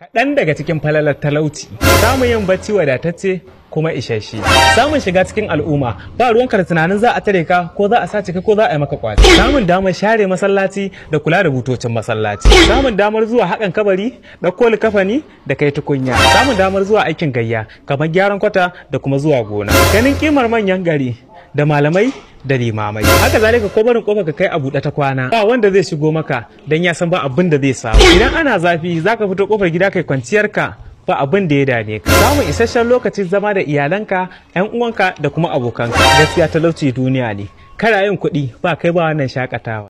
Kaɗan daga cikin falalar talauci, samun yin bacci wadatacce kuma isasshe. Samun shiga cikin al'umma, ba ruwanka da tunanin za a tare ka ko za a sace ka ko za a yi maka kwaci. Samun damar share masallaci da kula da butocin masallaci. Samun damar zuwa haƙan kabari, ɗauko kafani, da kai tukunya. Samun damar zuwa aikin gayya, kamar gyaran kwata da kuma zuwa gona. Ganin kimar manyan gari, da malamai da limamai haka zalika ko barin kofa ka kai a buɗe ta kwana ba wanda zai shigo maka dan ya san ba abin da zai samu idan ana zafi za ka fito kofar gida kai kwanciyar ka ba abin da ya dane ka samun isasshen lokacin zama da iyalanka yan uwanka da kuma abokanka gaskiya talauci duniya ne kada yin kuɗi ba kai ba wannan shakatawa